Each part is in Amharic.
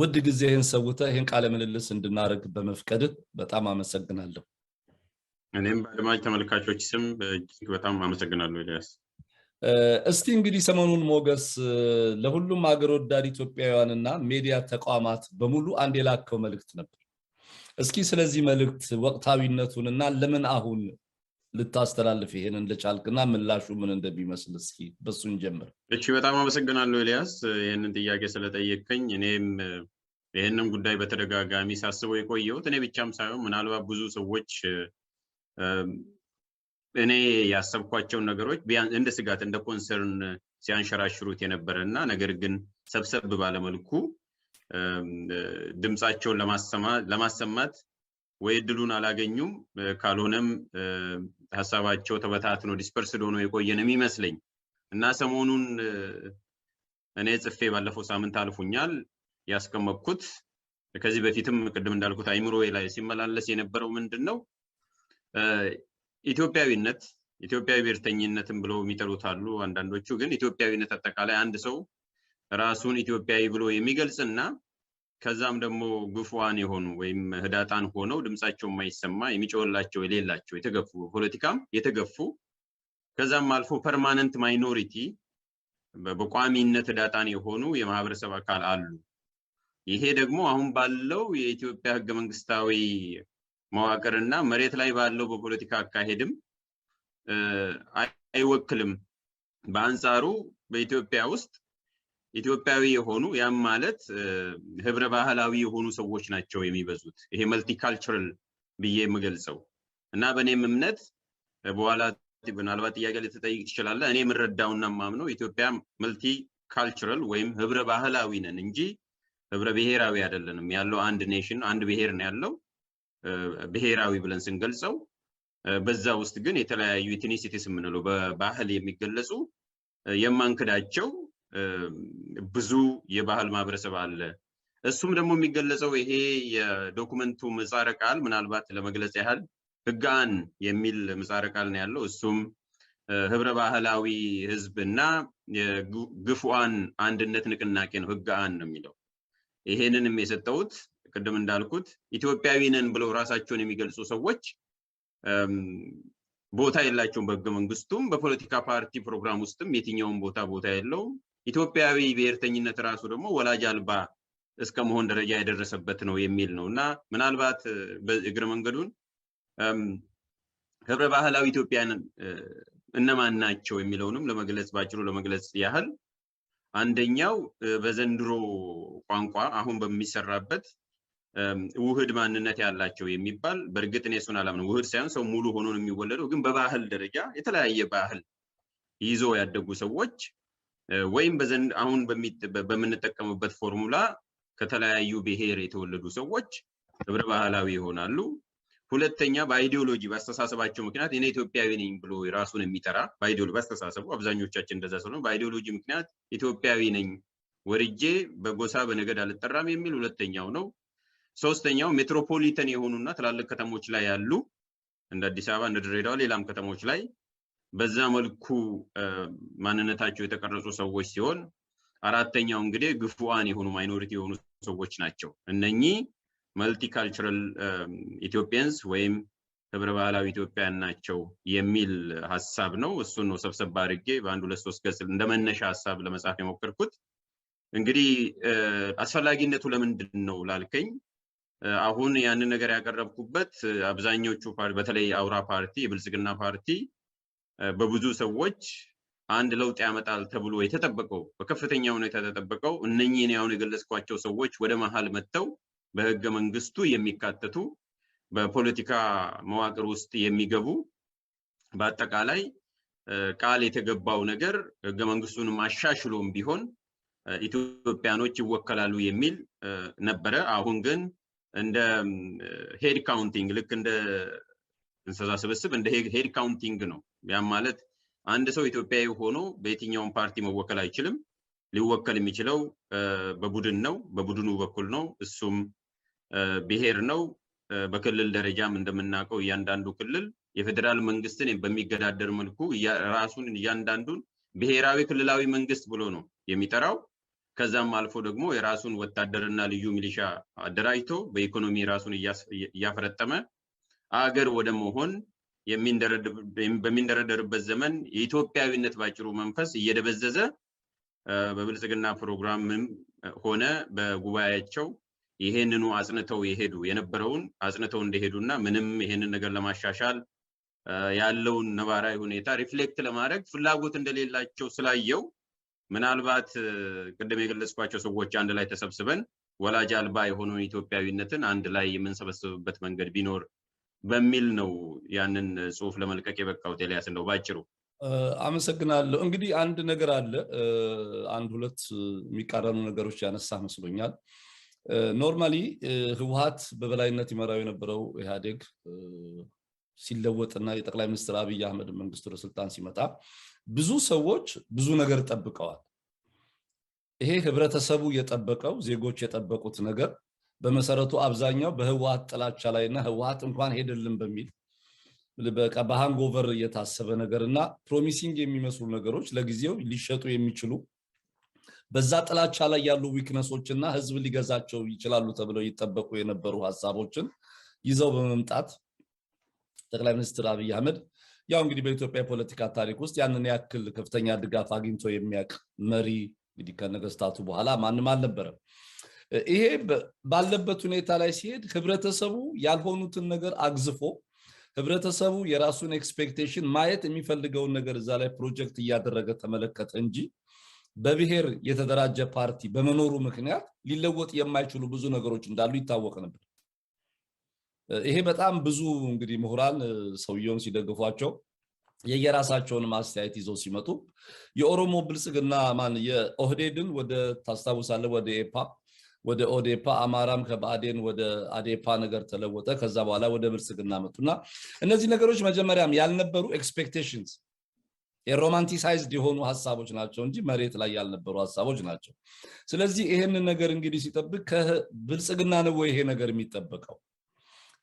ውድ ጊዜ ይህን ሰውተ ይህን ቃለ ምልልስ እንድናደርግ በመፍቀድ በጣም አመሰግናለሁ። እኔም በአድማጭ ተመልካቾች ስም እጅግ በጣም አመሰግናለሁ ኤልያስ። እስቲ እንግዲህ ሰሞኑን ሞገስ ለሁሉም ሀገር ወዳድ ኢትዮጵያውያን ና ሜዲያ ተቋማት በሙሉ አንድ የላከው መልእክት ነበር። እስኪ ስለዚህ መልእክት ወቅታዊነቱን እና ለምን አሁን ልታስተላልፍ ይህንን ልጫልቅና ምላሹ ምን እንደሚመስል እስኪ በሱን ጀምር እቺ በጣም አመሰግናለሁ ኤልያስ፣ ይህንን ጥያቄ ስለጠየቅከኝ። እኔም ይህንም ጉዳይ በተደጋጋሚ ሳስበው የቆየሁት እኔ ብቻም ሳይሆን ምናልባት ብዙ ሰዎች እኔ ያሰብኳቸውን ነገሮች እንደ ስጋት እንደ ኮንሰርን ሲያንሸራሽሩት የነበረ እና ነገር ግን ሰብሰብ ባለመልኩ ድምፃቸውን ለማሰማት ወይ እድሉን አላገኙም ካልሆነም ሀሳባቸው ተበታትኖ ዲስፐርስድ ሆኖ የቆየን የሚመስለኝ እና ሰሞኑን እኔ ጽፌ ባለፈው ሳምንት አልፉኛል ያስቀመጥኩት ከዚህ በፊትም ቅድም እንዳልኩት አይምሮ ላይ ሲመላለስ የነበረው ምንድን ነው ኢትዮጵያዊነት ኢትዮጵያዊ ብሔርተኝነትን ብለው የሚጠሩት አሉ አንዳንዶቹ ግን ኢትዮጵያዊነት አጠቃላይ አንድ ሰው ራሱን ኢትዮጵያዊ ብሎ የሚገልጽ እና ከዛም ደግሞ ግፉዋን የሆኑ ወይም ህዳጣን ሆነው ድምፃቸው የማይሰማ የሚጮህላቸው የሌላቸው የተገፉ ፖለቲካም የተገፉ ከዛም አልፎ ፐርማነንት ማይኖሪቲ በቋሚነት ህዳጣን የሆኑ የማህበረሰብ አካል አሉ። ይሄ ደግሞ አሁን ባለው የኢትዮጵያ ህገ መንግስታዊ መዋቅርና መሬት ላይ ባለው በፖለቲካ አካሄድም አይወክልም። በአንጻሩ በኢትዮጵያ ውስጥ ኢትዮጵያዊ የሆኑ ያም ማለት ህብረ ባህላዊ የሆኑ ሰዎች ናቸው የሚበዙት። ይሄ መልቲካልቸራል ብዬ የምገልጸው እና በእኔም እምነት በኋላ ምናልባት ጥያቄ ልትጠይቅ ትችላለ እኔ የምረዳውና ማምነው ኢትዮጵያ መልቲ ካልቸራል ወይም ህብረ ባህላዊ ነን እንጂ ህብረ ብሔራዊ አይደለንም። ያለው አንድ ኔሽን አንድ ብሔር ነው ያለው ብሔራዊ ብለን ስንገልጸው በዛ ውስጥ ግን የተለያዩ ኢትኒሲቲስ የምንለው በባህል የሚገለጹ የማንክዳቸው ብዙ የባህል ማህበረሰብ አለ። እሱም ደግሞ የሚገለጸው ይሄ የዶኩመንቱ ምጻረ ቃል ምናልባት ለመግለጽ ያህል ህጋን የሚል ምጻረ ቃል ነው ያለው። እሱም ህብረ ባህላዊ ህዝብ እና ግፉአን አንድነት ንቅናቄ ነው። ህጋን ነው የሚለው። ይሄንንም የሰጠውት ቅድም እንዳልኩት ኢትዮጵያዊ ነን ብለው ራሳቸውን የሚገልጹ ሰዎች ቦታ የላቸውም። በህገ መንግስቱም በፖለቲካ ፓርቲ ፕሮግራም ውስጥም የትኛውም ቦታ ቦታ የለውም። ኢትዮጵያዊ ብሔርተኝነት ራሱ ደግሞ ወላጅ አልባ እስከ መሆን ደረጃ የደረሰበት ነው የሚል ነው እና ምናልባት እግረ መንገዱን ህብረ ባህላዊ ኢትዮጵያን እነማን ናቸው የሚለውንም ለመግለጽ ባጭሩ ለመግለጽ ያህል አንደኛው በዘንድሮ ቋንቋ አሁን በሚሰራበት ውህድ ማንነት ያላቸው የሚባል በእርግጥ እኔ እሱን ውህድ ሳይሆን ሰው ሙሉ ሆኖ የሚወለደው፣ ግን በባህል ደረጃ የተለያየ ባህል ይዞ ያደጉ ሰዎች ወይም በዘንድ አሁን በምንጠቀምበት ፎርሙላ ከተለያዩ ብሔር የተወለዱ ሰዎች ህብረ ባህላዊ ይሆናሉ። ሁለተኛ በአይዲዮሎጂ በአስተሳሰባቸው ምክንያት እኔ ኢትዮጵያዊ ነኝ ብሎ ራሱን የሚጠራ በአይዲዮሎጂ በአስተሳሰቡ አብዛኞቻችን እንደዛ ስለሆነ በአይዲዮሎጂ ምክንያት ኢትዮጵያዊ ነኝ ወርጄ በጎሳ በነገድ አልጠራም የሚል ሁለተኛው ነው። ሶስተኛው ሜትሮፖሊተን የሆኑና ትላልቅ ከተሞች ላይ ያሉ እንደ አዲስ አበባ እንደ ድሬዳዋ ሌላም ከተሞች ላይ በዛ መልኩ ማንነታቸው የተቀረጹ ሰዎች ሲሆን አራተኛው እንግዲህ ግፉአን የሆኑ ማይኖሪቲ የሆኑ ሰዎች ናቸው። እነኚህ መልቲካልቸራል ኢትዮጵያንስ ወይም ህብረ ባህላዊ ኢትዮጵያን ናቸው የሚል ሀሳብ ነው። እሱን ነው ሰብሰብ አድርጌ በአንድ ሁለት ሶስት ገጽ እንደ መነሻ ሀሳብ ለመጻፍ የሞከርኩት። እንግዲህ አስፈላጊነቱ ለምንድን ነው ላልከኝ፣ አሁን ያንን ነገር ያቀረብኩበት አብዛኞቹ በተለይ አውራ ፓርቲ፣ የብልጽግና ፓርቲ በብዙ ሰዎች አንድ ለውጥ ያመጣል ተብሎ የተጠበቀው በከፍተኛ ሁኔታ የተጠበቀው እነኚህን ያሁን የገለጽኳቸው ሰዎች ወደ መሀል መጥተው በህገ መንግስቱ የሚካተቱ በፖለቲካ መዋቅር ውስጥ የሚገቡ በአጠቃላይ ቃል የተገባው ነገር ህገ መንግስቱን አሻሽሎም ቢሆን ኢትዮጵያኖች ይወከላሉ የሚል ነበረ። አሁን ግን እንደ ሄድ ካውንቲንግ ልክ እንደ እንስሳ ስብስብ እንደ ሄድ ካውንቲንግ ነው ያም ማለት አንድ ሰው ኢትዮጵያዊ ሆኖ በየትኛውም ፓርቲ መወከል አይችልም። ሊወከል የሚችለው በቡድን ነው፣ በቡድኑ በኩል ነው። እሱም ብሔር ነው። በክልል ደረጃም እንደምናውቀው እያንዳንዱ ክልል የፌዴራል መንግስትን በሚገዳደር መልኩ ራሱን እያንዳንዱን ብሔራዊ ክልላዊ መንግስት ብሎ ነው የሚጠራው። ከዛም አልፎ ደግሞ የራሱን ወታደርና ልዩ ሚሊሻ አደራጅቶ በኢኮኖሚ ራሱን እያፈረጠመ አገር ወደ መሆን በሚንደረደርበት ዘመን የኢትዮጵያዊነት ባጭሩ መንፈስ እየደበዘዘ በብልጽግና ፕሮግራምም ሆነ በጉባኤያቸው ይሄንኑ አጽንተው የሄዱ የነበረውን አጽንተው እንደሄዱና ምንም ይሄንን ነገር ለማሻሻል ያለውን ነባራዊ ሁኔታ ሪፍሌክት ለማድረግ ፍላጎት እንደሌላቸው ስላየው ምናልባት ቅድም የገለጽኳቸው ሰዎች አንድ ላይ ተሰብስበን ወላጅ አልባ የሆነውን ኢትዮጵያዊነትን አንድ ላይ የምንሰበስብበት መንገድ ቢኖር በሚል ነው ያንን ጽሁፍ ለመልቀቅ የበቃሁት። ኤልያስ እንደው ባጭሩ አመሰግናለሁ። እንግዲህ አንድ ነገር አለ፣ አንድ ሁለት የሚቃረኑ ነገሮች ያነሳ መስሎኛል። ኖርማሊ ህወሀት በበላይነት ይመራው የነበረው ኢህአዴግ ሲለወጥና የጠቅላይ ሚኒስትር አብይ አህመድ መንግስት ወደ ስልጣን ሲመጣ ብዙ ሰዎች ብዙ ነገር ጠብቀዋል። ይሄ ህብረተሰቡ የጠበቀው ዜጎች የጠበቁት ነገር በመሰረቱ አብዛኛው በህወሀት ጥላቻ ላይና ህወሀት እንኳን ሄደልን በሚል በሃንጎቨር እየታሰበ ነገር እና ፕሮሚሲንግ የሚመስሉ ነገሮች ለጊዜው ሊሸጡ የሚችሉ በዛ ጥላቻ ላይ ያሉ ዊክነሶች እና ህዝብ ሊገዛቸው ይችላሉ ተብለው ይጠበቁ የነበሩ ሀሳቦችን ይዘው በመምጣት ጠቅላይ ሚኒስትር አብይ አህመድ ያው እንግዲህ በኢትዮጵያ የፖለቲካ ታሪክ ውስጥ ያንን ያክል ከፍተኛ ድጋፍ አግኝቶ የሚያውቅ መሪ እንግዲህ ከነገስታቱ በኋላ ማንም አልነበረም። ይሄ ባለበት ሁኔታ ላይ ሲሄድ ህብረተሰቡ ያልሆኑትን ነገር አግዝፎ ህብረተሰቡ የራሱን ኤክስፔክቴሽን ማየት የሚፈልገውን ነገር እዛ ላይ ፕሮጀክት እያደረገ ተመለከተ እንጂ በብሔር የተደራጀ ፓርቲ በመኖሩ ምክንያት ሊለወጥ የማይችሉ ብዙ ነገሮች እንዳሉ ይታወቅ ነበር። ይሄ በጣም ብዙ እንግዲህ ምሁራን ሰውየውን ሲደግፏቸው የየራሳቸውን ማስተያየት ይዘው ሲመጡ የኦሮሞ ብልጽግና ማን የኦህዴድን ወደ ታስታውሳለህ ወደ ኤፓ ወደ ኦዴፓ አማራም ከብአዴን ወደ አዴፓ ነገር ተለወጠ። ከዛ በኋላ ወደ ብልጽግና መጡና እነዚህ ነገሮች መጀመሪያም ያልነበሩ ኤክስፔክቴሽንስ የሮማንቲሳይዝድ የሆኑ ሀሳቦች ናቸው እንጂ መሬት ላይ ያልነበሩ ሀሳቦች ናቸው። ስለዚህ ይህንን ነገር እንግዲህ ሲጠብቅ ከብልጽግና ነው ይሄ ነገር የሚጠበቀው?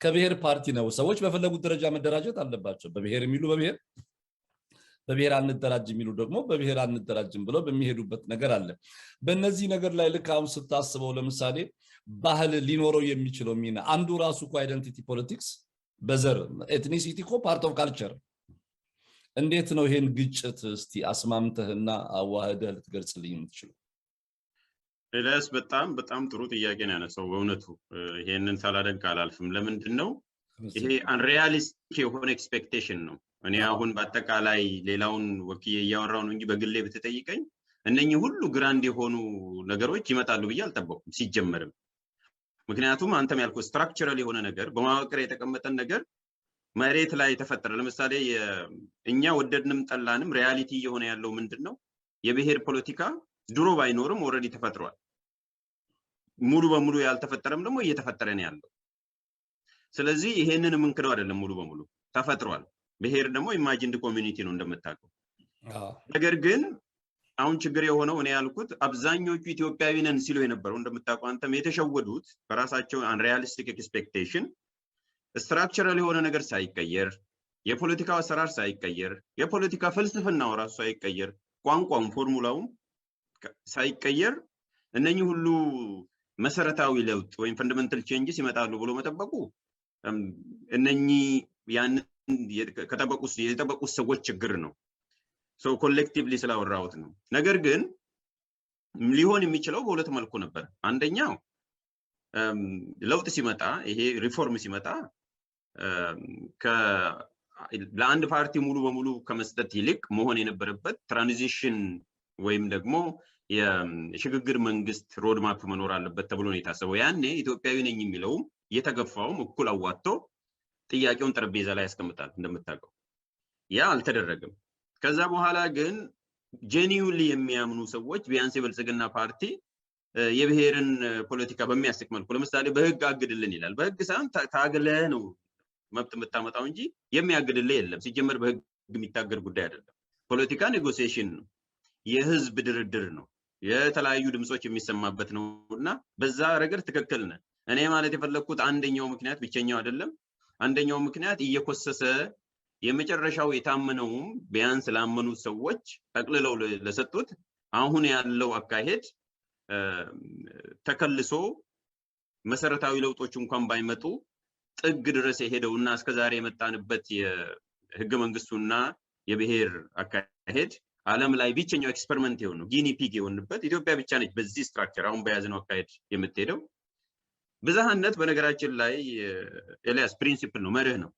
ከብሔር ፓርቲ ነው። ሰዎች በፈለጉት ደረጃ መደራጀት አለባቸው። በብሔር የሚሉ በብሔር በብሔር አንደራጅ የሚሉ ደግሞ በብሔር አንደራጅም ብለው በሚሄዱበት ነገር አለ። በእነዚህ ነገር ላይ ልክ አሁን ስታስበው ለምሳሌ ባህል ሊኖረው የሚችለው ሚና አንዱ ራሱ እኮ አይደንቲቲ ፖለቲክስ በዘር ኤትኒሲቲ እኮ ፓርት ኦፍ ካልቸር። እንዴት ነው ይሄን ግጭት እስቲ አስማምተህና አዋህደህ ልትገልጽልኝ የምትችለው? ኤልያስ፣ በጣም በጣም ጥሩ ጥያቄ ነው ያነሳው። በእውነቱ ይሄንን ሳላደንቅ አላልፍም። ለምንድን ነው ይሄ አንሪያሊስቲክ የሆነ ኤክስፔክቴሽን ነው እኔ አሁን በአጠቃላይ ሌላውን ወክዬ እያወራው ነው እንጂ በግሌ ብትጠይቀኝ እነኚህ ሁሉ ግራንድ የሆኑ ነገሮች ይመጣሉ ብዬ አልጠበቁም ሲጀመርም። ምክንያቱም አንተም ያልኩ ስትራክቸራል የሆነ ነገር በመዋቅር የተቀመጠን ነገር መሬት ላይ ተፈጠረ። ለምሳሌ እኛ ወደድንም ጠላንም ሪያሊቲ እየሆነ ያለው ምንድን ነው? የብሔር ፖለቲካ ድሮ ባይኖርም ኦልሬዲ ተፈጥሯል። ሙሉ በሙሉ ያልተፈጠረም ደግሞ እየተፈጠረ ነው ያለው። ስለዚህ ይሄንን የምንክደው አይደለም፣ ሙሉ በሙሉ ተፈጥሯል። ብሄር ደግሞ ኢማጂንድ ኮሚኒቲ ነው እንደምታውቀው። ነገር ግን አሁን ችግር የሆነው እኔ ያልኩት አብዛኞቹ ኢትዮጵያዊ ነን ሲሉ የነበረው እንደምታውቀው አንተም የተሸወዱት በራሳቸው አንሪያሊስቲክ ኤክስፔክቴሽን ስትራክቸራል የሆነ ነገር ሳይቀየር የፖለቲካ አሰራር ሳይቀየር የፖለቲካ ፍልስፍናው ራሱ ሳይቀየር ቋንቋውም ፎርሙላውም ሳይቀየር እነኚህ ሁሉ መሰረታዊ ለውጥ ወይም ፈንዳመንታል ቼንጅስ ይመጣሉ ብሎ መጠበቁ እነኚህ ያንን ከጠበቁ የተጠበቁ ሰዎች ችግር ነው። ሰው ኮሌክቲቭሊ ስላወራሁት ነው። ነገር ግን ሊሆን የሚችለው በሁለት መልኩ ነበር። አንደኛው ለውጥ ሲመጣ ይሄ ሪፎርም ሲመጣ ለአንድ ፓርቲ ሙሉ በሙሉ ከመስጠት ይልቅ መሆን የነበረበት ትራንዚሽን ወይም ደግሞ የሽግግር መንግስት ሮድማፕ መኖር አለበት ተብሎ ነው የታሰበው። ያኔ ኢትዮጵያዊ ነኝ የሚለውም የተገፋውም እኩል አዋጥቶ ጥያቄውን ጠረጴዛ ላይ ያስቀምጣል እንደምታውቀው። ያ አልተደረገም። ከዛ በኋላ ግን ጄኒዩንሊ የሚያምኑ ሰዎች ቢያንስ የብልጽግና ፓርቲ የብሔርን ፖለቲካ በሚያስቅ መልኩ ለምሳሌ በህግ አግድልን ይላል። በህግ ሳይሆን ታግለ ነው መብት የምታመጣው እንጂ የሚያግድልህ የለም። ሲጀመር በህግ የሚታገድ ጉዳይ አይደለም። ፖለቲካ ኔጎሲሽን ነው፣ የህዝብ ድርድር ነው፣ የተለያዩ ድምፆች የሚሰማበት ነው እና በዛ ረገድ ትክክል ነ እኔ ማለት የፈለግኩት አንደኛው ምክንያት ብቸኛው አይደለም አንደኛው ምክንያት እየኮሰሰ የመጨረሻው የታመነውም ቢያንስ ላመኑት ሰዎች ጠቅልለው ለሰጡት አሁን ያለው አካሄድ ተከልሶ መሰረታዊ ለውጦች እንኳን ባይመጡ ጥግ ድረስ የሄደው እና እስከዛሬ የመጣንበት የህገ መንግስቱና የብሔር አካሄድ አለም ላይ ብቸኛው ኤክስፐሪመንት የሆነው ጊኒ ፒግ የሆንበት ኢትዮጵያ ብቻ ነች በዚህ ስትራክቸር አሁን በያዝነው አካሄድ የምትሄደው ብዝሃነት በነገራችን ላይ ኤልያስ ፕሪንሲፕል ነው፣ መርህ ነው።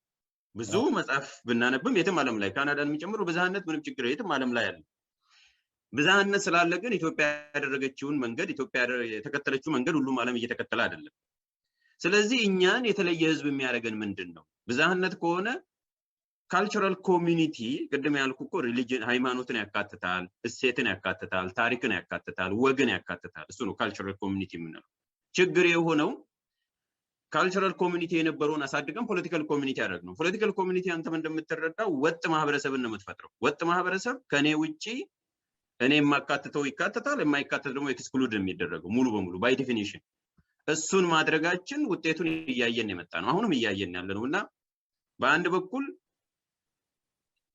ብዙ መጽሐፍ ብናነብም የትም አለም ላይ ካናዳን የሚጨምሩ ብዝሃነት ምንም ችግር የትም አለም ላይ አለ። ብዝሃነት ስላለ ግን ኢትዮጵያ ያደረገችውን መንገድ ኢትዮጵያ የተከተለችው መንገድ ሁሉም አለም እየተከተለ አይደለም። ስለዚህ እኛን የተለየ ህዝብ የሚያደርገን ምንድን ነው? ብዝሃነት ከሆነ ካልቸራል ኮሚኒቲ ቅድም ያልኩ እኮ ሪሊጅን ሃይማኖትን ያካትታል፣ እሴትን ያካትታል፣ ታሪክን ያካትታል፣ ወግን ያካትታል። እሱ ነው ካልቸራል ኮሚኒቲ የምንለው። ችግር የሆነው ካልቸራል ኮሚኒቲ የነበረውን አሳድገን ፖለቲካል ኮሚኒቲ ያደርግ ነው። ፖለቲካል ኮሚኒቲ አንተም እንደምትረዳው ወጥ ማህበረሰብን ነው የምትፈጥረው። ወጥ ማህበረሰብ ከእኔ ውጭ እኔ የማካትተው ይካተታል፣ የማይካተት ደግሞ ኤክስክሉድ የሚደረገው ሙሉ በሙሉ ባይ ዲፊኒሽን። እሱን ማድረጋችን ውጤቱን እያየን የመጣ ነው። አሁንም እያየን ያለ ነው እና በአንድ በኩል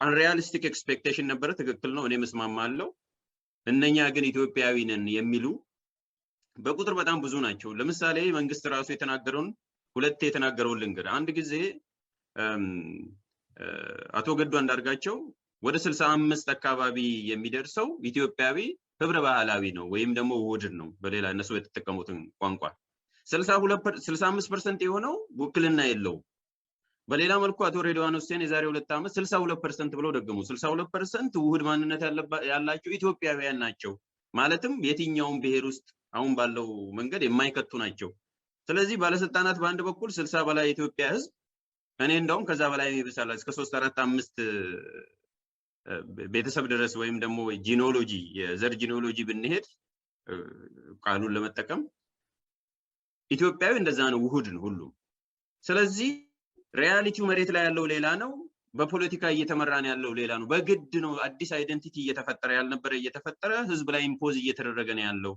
አንሪያሊስቲክ ኤክስፔክቴሽን ነበረ። ትክክል ነው፣ እኔ እስማማለሁ። እነኛ ግን ኢትዮጵያዊ ነን የሚሉ በቁጥር በጣም ብዙ ናቸው። ለምሳሌ መንግስት ራሱ የተናገረውን ሁለት የተናገረውን ልንገር። አንድ ጊዜ አቶ ገዱ አንዳርጋቸው ወደ 65 አካባቢ የሚደርሰው ኢትዮጵያዊ ህብረ ባህላዊ ነው ወይም ደግሞ ውህድን ነው በሌላ እነሱ የተጠቀሙትን ቋንቋ ስልሳ አምስት ፐርሰንት የሆነው ውክልና የለው። በሌላ መልኩ አቶ ሬድዋን ሁሴን የዛሬ ሁለት ዓመት ፐርሰንት ብለው ደገሙ። 62 ፐርሰንት ውህድ ማንነት ያላቸው ኢትዮጵያውያን ናቸው። ማለትም የትኛውን ብሔር ውስጥ አሁን ባለው መንገድ የማይከቱ ናቸው። ስለዚህ ባለስልጣናት በአንድ በኩል ስልሳ በላይ የኢትዮጵያ ህዝብ እኔ እንደውም ከዛ በላይ ይብሳል እስከ ሶስት አራት አምስት ቤተሰብ ድረስ ወይም ደግሞ ጂኖሎጂ የዘር ጂኖሎጂ ብንሄድ ቃሉን ለመጠቀም ኢትዮጵያዊ እንደዛ ነው፣ ውሁድ ሁሉም። ስለዚህ ሪያሊቲው መሬት ላይ ያለው ሌላ ነው። በፖለቲካ እየተመራን ያለው ሌላ ነው። በግድ ነው አዲስ አይደንቲቲ እየተፈጠረ ያልነበረ እየተፈጠረ ህዝብ ላይ ኢምፖዝ እየተደረገ ነው ያለው።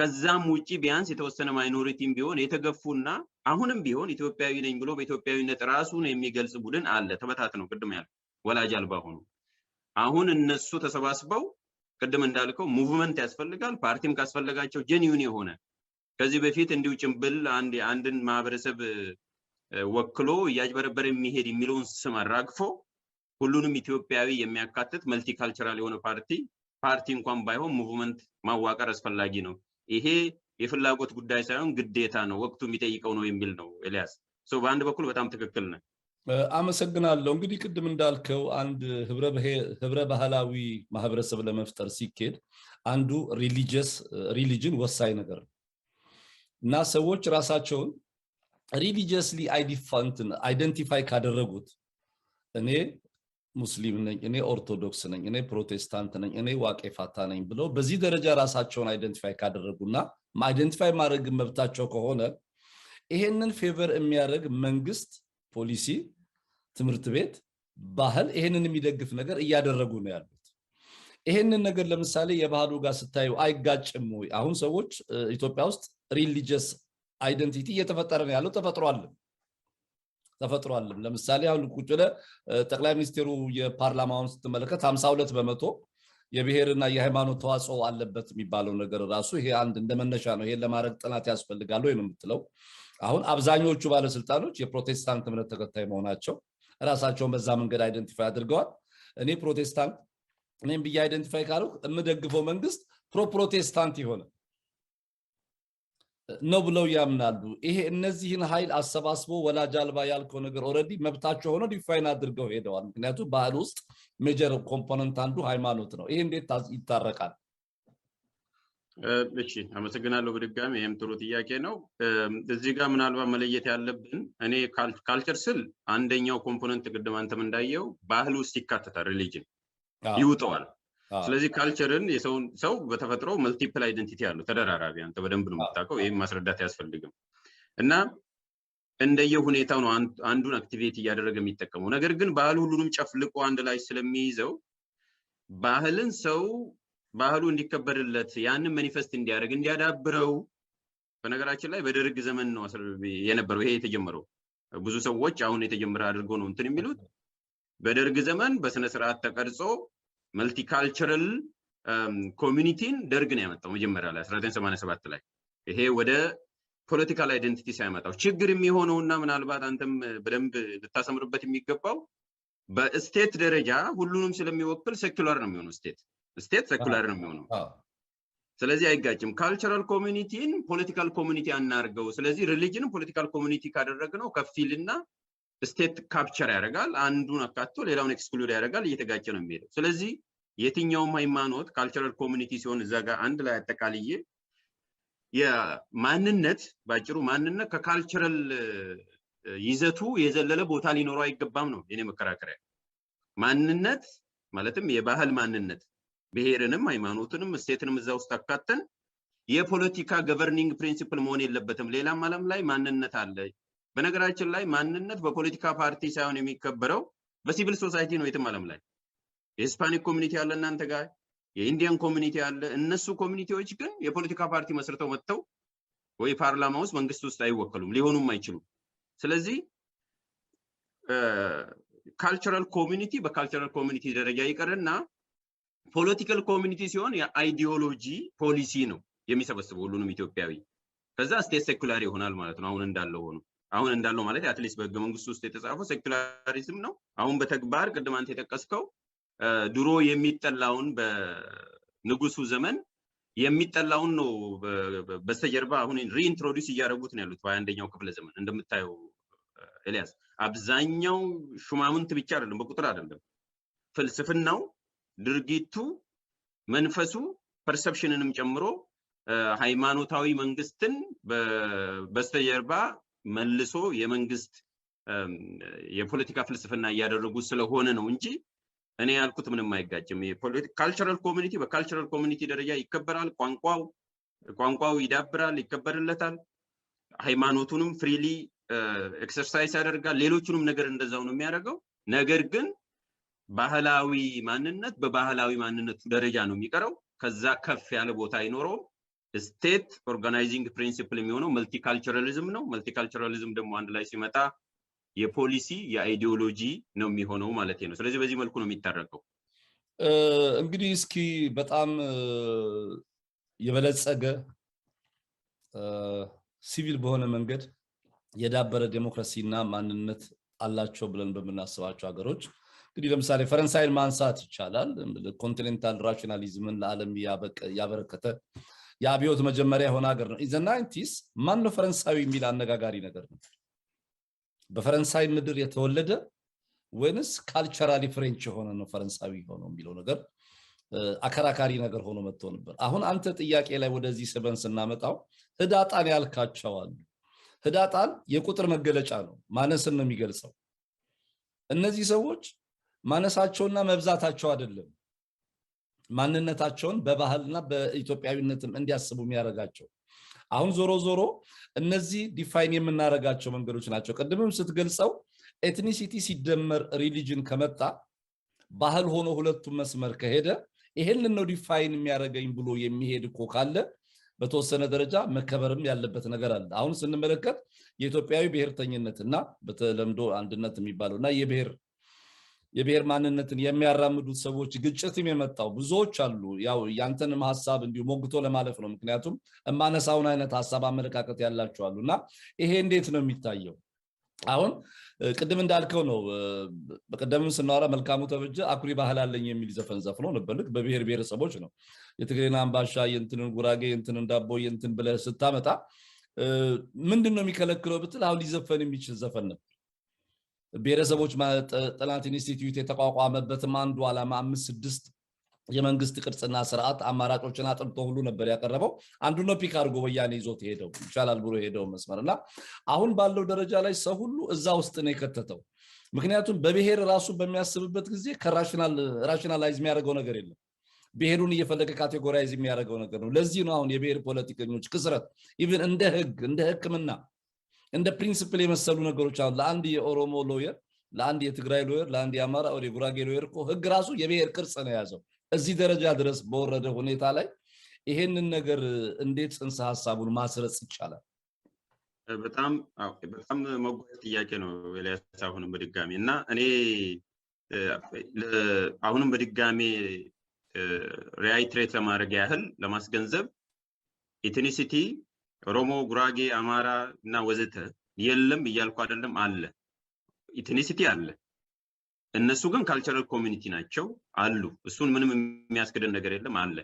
ከዛም ውጪ ቢያንስ የተወሰነ ማይኖሪቲም ቢሆን የተገፉና አሁንም ቢሆን ኢትዮጵያዊ ነኝ ብሎ በኢትዮጵያዊነት ራሱን የሚገልጽ ቡድን አለ። ተበታት ነው ቅድም ያልኩ ወላጅ አልባ ሆኑ። አሁን እነሱ ተሰባስበው ቅድም እንዳልከው ሙቭመንት ያስፈልጋል። ፓርቲም ካስፈለጋቸው ጀኒዩን የሆነ ከዚህ በፊት እንዲሁ ጭምብል አንድ አንድን ማህበረሰብ ወክሎ እያጭበረበረ የሚሄድ የሚለውን ስም አራግፎ ሁሉንም ኢትዮጵያዊ የሚያካትት መልቲካልቸራል የሆነ ፓርቲ ፓርቲ እንኳን ባይሆን ሙቭመንት ማዋቀር አስፈላጊ ነው። ይሄ የፍላጎት ጉዳይ ሳይሆን ግዴታ ነው፣ ወቅቱ የሚጠይቀው ነው የሚል ነው። ኤልያስ በአንድ በኩል በጣም ትክክል ነ አመሰግናለሁ። እንግዲህ ቅድም እንዳልከው አንድ ህብረ ባህላዊ ማህበረሰብ ለመፍጠር ሲኬድ አንዱ ሪሊጅስ ሪሊጅን ወሳኝ ነገር ነው እና ሰዎች ራሳቸውን ሪሊጅስሊ አይደንቲፋይ ካደረጉት እኔ ሙስሊም ነኝ፣ እኔ ኦርቶዶክስ ነኝ፣ እኔ ፕሮቴስታንት ነኝ፣ እኔ ዋቄ ፋታ ነኝ ብለው በዚህ ደረጃ ራሳቸውን አይደንቲፋይ ካደረጉና አይደንቲፋይ ማድረግ መብታቸው ከሆነ ይሄንን ፌቨር የሚያደርግ መንግስት፣ ፖሊሲ፣ ትምህርት ቤት፣ ባህል ይሄንን የሚደግፍ ነገር እያደረጉ ነው ያሉት። ይሄንን ነገር ለምሳሌ የባህሉ ጋር ስታዩ አይጋጭም ወይ? አሁን ሰዎች ኢትዮጵያ ውስጥ ሪሊጂየስ አይደንቲቲ እየተፈጠረ ነው ያለው ተፈጥሮ ተፈጥሯልም። ለምሳሌ አሁን ቁጭ ለ ጠቅላይ ሚኒስትሩ የፓርላማውን ስትመለከት ሀምሳ ሁለት በመቶ የብሔርና የሃይማኖት ተዋጽኦ አለበት የሚባለው ነገር ራሱ ይሄ አንድ እንደመነሻ ነው። ይሄን ለማድረግ ጥናት ያስፈልጋሉ ወይም የምትለው። አሁን አብዛኞቹ ባለስልጣኖች የፕሮቴስታንት እምነት ተከታይ መሆናቸው ራሳቸውን በዛ መንገድ አይደንቲፋይ አድርገዋል። እኔ ፕሮቴስታንት እኔም ብዬ አይደንቲፋይ ካሉ የምደግፈው መንግስት ፕሮፕሮቴስታንት የሆነ ነው ብለው ያምናሉ። ይሄ እነዚህን ኃይል አሰባስቦ ወላጅ አልባ ያልከው ነገር ኦልሬዲ መብታቸው ሆኖ ዲፋይን አድርገው ሄደዋል። ምክንያቱም ባህል ውስጥ ሜጀር ኮምፖነንት አንዱ ሃይማኖት ነው። ይሄ እንዴት ይታረቃል? እሺ አመሰግናለሁ። በድጋሚ ይህም ጥሩ ጥያቄ ነው። እዚህ ጋር ምናልባት መለየት ያለብን እኔ ካልቸር ስል አንደኛው ኮምፖነንት ቅድም አንተም እንዳየው ባህል ውስጥ ይካተታል። ሪሊጅን ይውጠዋል ስለዚህ ካልቸርን የሰውን ሰው በተፈጥሮ መልቲፕል አይደንቲቲ አለው ተደራራቢ አንተ በደንብ ነው የምታውቀው ይህም ማስረዳት አያስፈልግም እና እንደየ ሁኔታው ነው አንዱን አክቲቬት እያደረገ የሚጠቀመው ነገር ግን ባህል ሁሉንም ጨፍልቆ አንድ ላይ ስለሚይዘው ባህልን ሰው ባህሉ እንዲከበርለት ያንን መኒፌስት እንዲያደርግ እንዲያዳብረው በነገራችን ላይ በደርግ ዘመን ነው የነበረው ይሄ የተጀመረው ብዙ ሰዎች አሁን የተጀመረ አድርገው ነው እንትን የሚሉት በደርግ ዘመን በስነ ስርዓት ተቀርጾ መልቲካልቸራል ኮሚኒቲን um, ደርግ ነው ያመጣው መጀመሪያ ላይ 1987 ላይ ይሄ ወደ ፖለቲካል አይደንቲቲ ሳይመጣው ችግር የሚሆነውና ምናልባት አንተም በደንብ ልታሰምርበት የሚገባው በስቴት ደረጃ ሁሉንም ስለሚወክል ሴኩላር ነው የሚሆነው ስቴት ስቴት ሴኩላር ነው የሚሆነው ስለዚህ አይጋጭም ካልቸራል ኮሚኒቲን ፖለቲካል ኮሚኒቲ አናርገው ስለዚህ ሪሊጅን ፖለቲካል ኮሚኒቲ ካደረግ ነው ከፊልና ስቴት ካፕቸር ያደርጋል። አንዱን አካቶ ሌላውን ኤክስክሉድ ያደርጋል። እየተጋጨ ነው የሚሄደው። ስለዚህ የትኛውም ሃይማኖት ካልቸራል ኮሚኒቲ ሲሆን እዛ ጋር አንድ ላይ አጠቃልዬ የማንነት በአጭሩ ማንነት ከካልቸራል ይዘቱ የዘለለ ቦታ ሊኖረው አይገባም ነው የኔ መከራከሪያ። ማንነት ማለትም የባህል ማንነት ብሔርንም ሃይማኖትንም ስቴትንም እዛ ውስጥ አካተን የፖለቲካ ገቨርኒንግ ፕሪንሲፕል መሆን የለበትም። ሌላም አለም ላይ ማንነት አለ፣ በነገራችን ላይ ማንነት በፖለቲካ ፓርቲ ሳይሆን የሚከበረው በሲቪል ሶሳይቲ ነው። የትም ዓለም ላይ የሂስፓኒክ ኮሚኒቲ አለ እናንተ ጋር፣ የኢንዲያን ኮሚኒቲ አለ። እነሱ ኮሚኒቲዎች ግን የፖለቲካ ፓርቲ መስርተው መጥተው ወይ ፓርላማ ውስጥ መንግስት ውስጥ አይወከሉም፣ ሊሆኑም አይችሉም። ስለዚህ ካልቸራል ኮሚኒቲ በካልቸራል ኮሚኒቲ ደረጃ ይቀርና ፖለቲካል ኮሚኒቲ ሲሆን የአይዲዮሎጂ ፖሊሲ ነው የሚሰበስበው ሁሉንም ኢትዮጵያዊ። ከዛ ስቴት ሴኩላር ይሆናል ማለት ነው። አሁን እንዳለው ሆኖ አሁን እንዳለው ማለት አትሊስት በህገ መንግስት ውስጥ የተጻፈው ሴኩላሪዝም ነው። አሁን በተግባር ቅድም አንተ የጠቀስከው ድሮ የሚጠላውን በንጉሱ ዘመን የሚጠላውን ነው በስተጀርባ አሁን ሪኢንትሮዲስ እያደረጉት ነው ያሉት በአንደኛው ክፍለ ዘመን እንደምታየው ኤልያስ አብዛኛው ሹማምንት ብቻ አይደለም፣ በቁጥር አይደለም። ፍልስፍናው፣ ድርጊቱ፣ መንፈሱ ፐርሰፕሽንንም ጨምሮ ሃይማኖታዊ መንግስትን በስተጀርባ መልሶ የመንግስት የፖለቲካ ፍልስፍና እያደረጉ ስለሆነ ነው እንጂ እኔ ያልኩት ምንም አይጋጭም። ካልቸራል ኮሚኒቲ በካልቸራል ኮሚኒቲ ደረጃ ይከበራል። ቋንቋው ቋንቋው ይዳብራል፣ ይከበርለታል። ሃይማኖቱንም ፍሪሊ ኤክሰርሳይዝ ያደርጋል። ሌሎቹንም ነገር እንደዛው ነው የሚያደርገው። ነገር ግን ባህላዊ ማንነት በባህላዊ ማንነቱ ደረጃ ነው የሚቀረው። ከዛ ከፍ ያለ ቦታ አይኖረውም። ስቴት ኦርጋናይዚንግ ፕሪንሲፕል የሚሆነው መልቲካልቸራሊዝም ነው። መልቲካልቸራሊዝም ደግሞ አንድ ላይ ሲመጣ የፖሊሲ የአይዲዮሎጂ ነው የሚሆነው ማለት ነው። ስለዚህ በዚህ መልኩ ነው የሚታረቀው። እንግዲህ እስኪ በጣም የበለጸገ ሲቪል በሆነ መንገድ የዳበረ ዴሞክራሲ እና ማንነት አላቸው ብለን በምናስባቸው ሀገሮች እንግዲህ ለምሳሌ ፈረንሳይን ማንሳት ይቻላል። ኮንቲኔንታል ራሽናሊዝምን ለዓለም ያበረከተ የአብዮት መጀመሪያ የሆነ ሀገር ነው። ኢዘ ናይንቲስ ማን ነው ፈረንሳዊ የሚል አነጋጋሪ ነገር ነው። በፈረንሳይ ምድር የተወለደ ወይንስ ካልቸራሊ ፍሬንች የሆነ ነው ፈረንሳዊ ሆነው የሚለው ነገር አከራካሪ ነገር ሆኖ መጥቶ ነበር። አሁን አንተ ጥያቄ ላይ ወደዚህ ስበን ስናመጣው ህዳጣን ያልካቸዋል ህዳጣን የቁጥር መገለጫ ነው፣ ማነስን ነው የሚገልጸው። እነዚህ ሰዎች ማነሳቸውና መብዛታቸው አይደለም ማንነታቸውን በባህልና በኢትዮጵያዊነትም እንዲያስቡ የሚያደርጋቸው አሁን ዞሮ ዞሮ እነዚህ ዲፋይን የምናደርጋቸው መንገዶች ናቸው። ቅድምም ስትገልጸው ኤትኒሲቲ ሲደመር ሪሊጅን ከመጣ ባህል ሆኖ ሁለቱም መስመር ከሄደ ይሄን ነው ዲፋይን የሚያደርገኝ ብሎ የሚሄድ እኮ ካለ በተወሰነ ደረጃ መከበርም ያለበት ነገር አለ። አሁን ስንመለከት የኢትዮጵያዊ እና በተለምዶ አንድነት የሚባለው እና የብሔር የብሔር ማንነትን የሚያራምዱት ሰዎች ግጭትም የመጣው ብዙዎች አሉ። ያው ያንተንም ሀሳብ እንዲሁ ሞግቶ ለማለፍ ነው። ምክንያቱም እማነሳውን አይነት ሀሳብ አመለካከት ያላቸዋሉ እና ይሄ እንዴት ነው የሚታየው? አሁን ቅድም እንዳልከው ነው። በቀደምም ስናወራ መልካሙ ተበጀ አኩሪ ባህል አለኝ የሚል ዘፈን ዘፍኖ ነበልክ በብሔር ብሔረሰቦች ነው የትግሬን አምባሻ የንትንን ጉራጌ የንትንን ዳቦ የንትን ብለ ስታመጣ ምንድን ነው የሚከለክለው ብትል አሁን ሊዘፈን የሚችል ዘፈን ነው ብሔረሰቦች ጥናት ኢንስቲትዩት የተቋቋመበትም አንዱ ዓላማ አምስት ስድስት የመንግስት ቅርጽና ስርዓት አማራጮችን አጥንቶ ሁሉ ነበር ያቀረበው። አንዱ ነው ፒክ አድርጎ ወያኔ ይዞት ሄደው ይቻላል ብሎ ሄደው መስመር እና አሁን ባለው ደረጃ ላይ ሰው ሁሉ እዛ ውስጥ ነው የከተተው። ምክንያቱም በብሔር ራሱ በሚያስብበት ጊዜ ከራሽናላይዝ የሚያደርገው ነገር የለም። ብሔሩን እየፈለገ ካቴጎራይዝ የሚያደርገው ነገር ነው። ለዚህ ነው አሁን የብሔር ፖለቲከኞች ክስረት ኢቭን እንደ ህግ እንደ ህክምና እንደ ፕሪንስፕል የመሰሉ ነገሮች አሉ። ለአንድ የኦሮሞ ሎየር፣ ለአንድ የትግራይ ሎየር፣ ለአንድ የአማራ ወደ የጉራጌ ሎየር እኮ ህግ ራሱ የብሔር ቅርጽ ነው የያዘው። እዚህ ደረጃ ድረስ በወረደ ሁኔታ ላይ ይሄንን ነገር እንዴት ጽንሰ ሀሳቡን ማስረጽ ይቻላል? በጣም በጣም ጥያቄ ነው ኤልያስ። አሁንም በድጋሚ እና እኔ አሁንም በድጋሚ ሪያይትሬት ለማድረግ ያህል ለማስገንዘብ ኢትኒሲቲ ኦሮሞ፣ ጉራጌ፣ አማራ እና ወዘተ የለም እያልኩ አይደለም። አለ ኢትኒሲቲ አለ። እነሱ ግን ካልቸራል ኮሚኒቲ ናቸው አሉ። እሱን ምንም የሚያስክደን ነገር የለም። አለ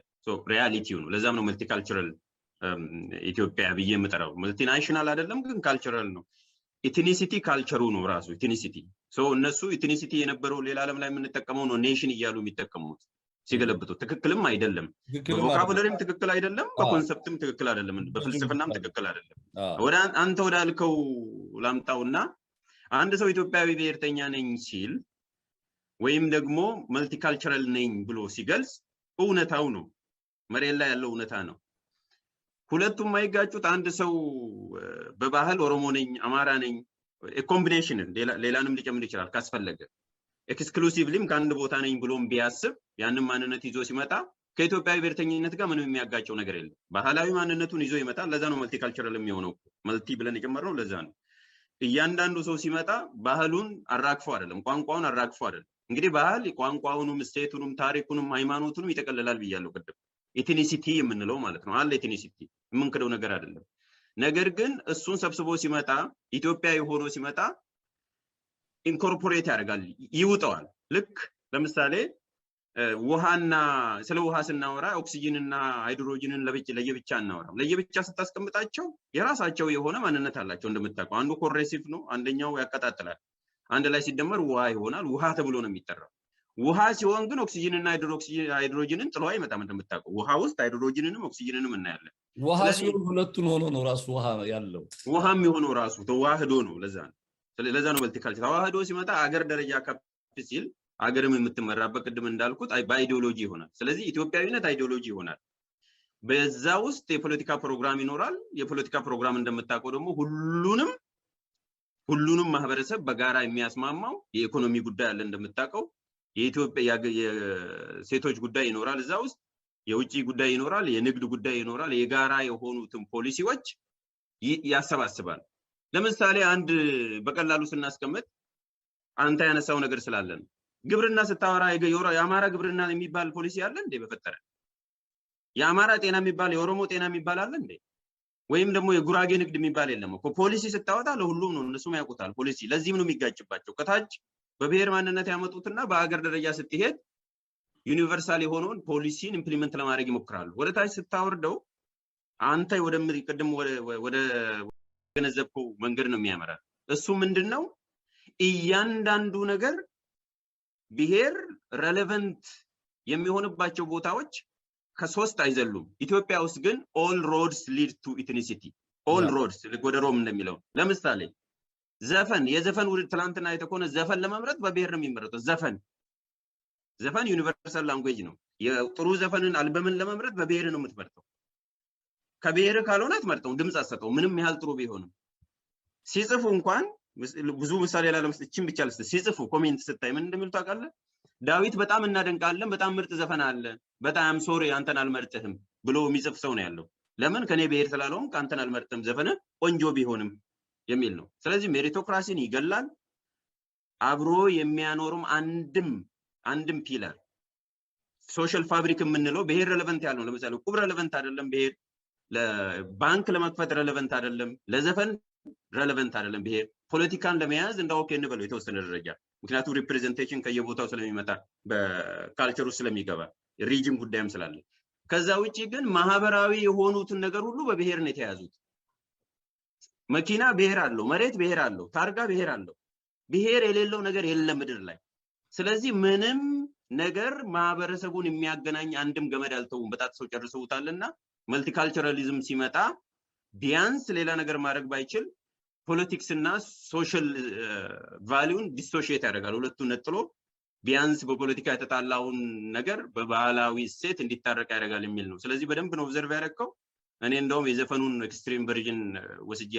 ሪያሊቲው ነው። ለዛም ነው መልቲካልቸራል um, ኢትዮጵያ ብዬ የምጠራው። መልቲናሽናል አይደለም ግን ካልቸራል ነው። ኢትኒሲቲ ካልቸሩ ነው ራሱ ኢትኒሲቲ። እነሱ ኢትኒሲቲ የነበረው ሌላ ዓለም ላይ የምንጠቀመው ነው ኔሽን እያሉ የሚጠቀሙት ሲገለብጡ ትክክልም አይደለም፣ በቮካቡለሪም ትክክል አይደለም፣ በኮንሰፕትም ትክክል አይደለም፣ በፍልስፍናም ትክክል አይደለም። ወደ አንተ ወዳልከው ላምጣውና አንድ ሰው ኢትዮጵያዊ ብሔርተኛ ነኝ ሲል ወይም ደግሞ መልቲካልቸራል ነኝ ብሎ ሲገልጽ እውነታው ነው፣ መሬት ላይ ያለው እውነታ ነው። ሁለቱም አይጋጩት። አንድ ሰው በባህል ኦሮሞ ነኝ፣ አማራ ነኝ፣ ኮምቢኔሽንን ሌላንም ሊጨምር ይችላል ካስፈለገ ኤክስክሉሲቭሊም ከአንድ ቦታ ነኝ ብሎም ቢያስብ ያንን ማንነት ይዞ ሲመጣ ከኢትዮጵያዊ ብሔርተኝነት ጋር ምንም የሚያጋጨው ነገር የለም። ባህላዊ ማንነቱን ይዞ ይመጣል። ለዛ ነው መልቲካልቸራል የሚሆነው። መልቲ ብለን የጨመርነው ለዛ ነው። እያንዳንዱ ሰው ሲመጣ ባህሉን አራግፎ አይደለም፣ ቋንቋውን አራግፎ አይደለም። እንግዲህ ባህል ቋንቋውንም፣ ስቴቱንም፣ ታሪኩንም ሃይማኖቱንም ይጠቀልላል ብያለሁ ቅድም። ኢትኒሲቲ የምንለው ማለት ነው አለ ኢትኒሲቲ የምንክደው ነገር አይደለም። ነገር ግን እሱን ሰብስቦ ሲመጣ ኢትዮጵያዊ ሆኖ ሲመጣ ኢንኮርፖሬት ያደርጋል ይውጠዋል። ልክ ለምሳሌ ውሃና ስለ ውሃ ስናወራ ኦክሲጅንና ሃይድሮጅንን ለየብቻ እናወራም። ለየብቻ ስታስቀምጣቸው የራሳቸው የሆነ ማንነት አላቸው። እንደምታውቀው አንዱ ኮሬሲቭ ነው፣ አንደኛው ያቀጣጥላል። አንድ ላይ ሲደመር ውሃ ይሆናል። ውሃ ተብሎ ነው የሚጠራው። ውሃ ሲሆን ግን ኦክሲጅንና ሃይድሮጅንን ጥሎ አይመጣም። እንደምታውቀው ውሃ ውስጥ ሃይድሮጅንንም ኦክሲጅንንም እናያለን። ውሃ ሲሆን ሁለቱን ሆኖ ነው ራሱ ውሃ ያለው ውሃም የሆነው ራሱ ተዋህዶ ነው። ለዛ ነው ለዛ ነው መልቲካልቸር ተዋህዶ ሲመጣ አገር ደረጃ ከፍ ሲል አገርም የምትመራበት ቅድም እንዳልኩት በአይዲዮሎጂ ይሆናል። ስለዚህ ኢትዮጵያዊነት አይዲዮሎጂ ይሆናል። በዛ ውስጥ የፖለቲካ ፕሮግራም ይኖራል። የፖለቲካ ፕሮግራም እንደምታውቀው ደግሞ ሁሉንም ሁሉንም ማህበረሰብ በጋራ የሚያስማማው የኢኮኖሚ ጉዳይ አለ እንደምታውቀው። የኢትዮጵያ የሴቶች ጉዳይ ይኖራል እዛ ውስጥ፣ የውጭ ጉዳይ ይኖራል፣ የንግድ ጉዳይ ይኖራል። የጋራ የሆኑትን ፖሊሲዎች ያሰባስባል። ለምሳሌ አንድ በቀላሉ ስናስቀምጥ አንተ ያነሳው ነገር ስላለ ነው። ግብርና ስታወራ የአማራ ግብርና የሚባል ፖሊሲ አለ እንዴ? በፈጠረ የአማራ ጤና የሚባል የኦሮሞ ጤና የሚባል አለ እንዴ? ወይም ደግሞ የጉራጌ ንግድ የሚባል የለም እኮ። ፖሊሲ ስታወጣ ለሁሉም ነው፣ እነሱም ያውቁታል ፖሊሲ። ለዚህም ነው የሚጋጭባቸው። ከታች በብሔር ማንነት ያመጡትና በአገር ደረጃ ስትሄድ ዩኒቨርሳል የሆነውን ፖሊሲን ኢምፕሊመንት ለማድረግ ይሞክራሉ። ወደ ታች ስታወርደው አንተ ወደ ቅድም ወደ ገነዘብከው መንገድ ነው የሚያመራ። እሱ ምንድን ነው? እያንዳንዱ ነገር ብሔር ረሌቨንት የሚሆንባቸው ቦታዎች ከሶስት አይዘሉም። ኢትዮጵያ ውስጥ ግን ኦል ሮድስ ሊድ ቱ ኢትኒሲቲ ኦል ሮድስ ወደ ሮም እንደሚለው ለምሳሌ ዘፈን የዘፈን ውድድር ትላንትና የተኮነ ዘፈን ለመምረጥ በብሔር ነው የሚመረጠው። ዘፈን ዘፈን ዩኒቨርሳል ላንጉጅ ነው። የጥሩ ዘፈንን አልበምን ለመምረጥ በብሔር ነው የምትመርጠው። ከብሔር ካልሆነ አትመርጠውም፣ ድምፅ አሰጠው ምንም ያህል ጥሩ ቢሆንም። ሲጽፉ እንኳን ብዙ ምሳሌ ላለመስጠት ይችን ብቻ ልስጥ። ሲጽፉ ኮሜንት ስታይ ምን እንደሚሉ ታውቃለ ዳዊት በጣም እናደንቃለን፣ በጣም ምርጥ ዘፈን አለ፣ በጣም ሶሪ አንተን አልመርጥህም ብሎ የሚጽፍ ሰው ነው ያለው። ለምን ከኔ ብሔር ስላለውም ከአንተን አልመርጥም ዘፈነ ቆንጆ ቢሆንም የሚል ነው። ስለዚህ ሜሪቶክራሲን ይገላል። አብሮ የሚያኖርም አንድም አንድም ፒለር ሶሻል ፋብሪክ የምንለው ብሔር ረለቨንት ያለው ለምሳሌ ቁብ ረለቨንት አይደለም ብሔር ለባንክ ለመክፈት ረለቨንት አይደለም፣ ለዘፈን ረለቨንት አይደለም። ብሄር ፖለቲካን ለመያዝ እንደ ኦኬ እንበለው የተወሰነ ደረጃ ምክንያቱም ሪፕሬዘንቴሽን ከየቦታው ስለሚመጣ በካልቸር ውስጥ ስለሚገባ ሪጅም ጉዳይም ስላለ ከዛ ውጭ ግን ማህበራዊ የሆኑትን ነገር ሁሉ በብሄር ነው የተያዙት። መኪና ብሄር አለው፣ መሬት ብሄር አለው፣ ታርጋ ብሄር አለው። ብሄር የሌለው ነገር የለም ምድር ላይ። ስለዚህ ምንም ነገር ማህበረሰቡን የሚያገናኝ አንድም ገመድ አልተውም። በጣት ሰው ጨርሰውታልና መልቲካልቸራሊዝም ሲመጣ ቢያንስ ሌላ ነገር ማድረግ ባይችል ፖለቲክስ እና ሶሻል ቫሊውን ዲሶሽት ያደርጋል። ሁለቱ ነጥሎ ቢያንስ በፖለቲካ የተጣላውን ነገር በባህላዊ እሴት እንዲታረቅ ያደርጋል የሚል ነው። ስለዚህ በደንብ ነው ኦብዘርቭ ያደረግከው። እኔ እንደውም የዘፈኑን ኤክስትሪም ቨርዥን uh, ወስጄ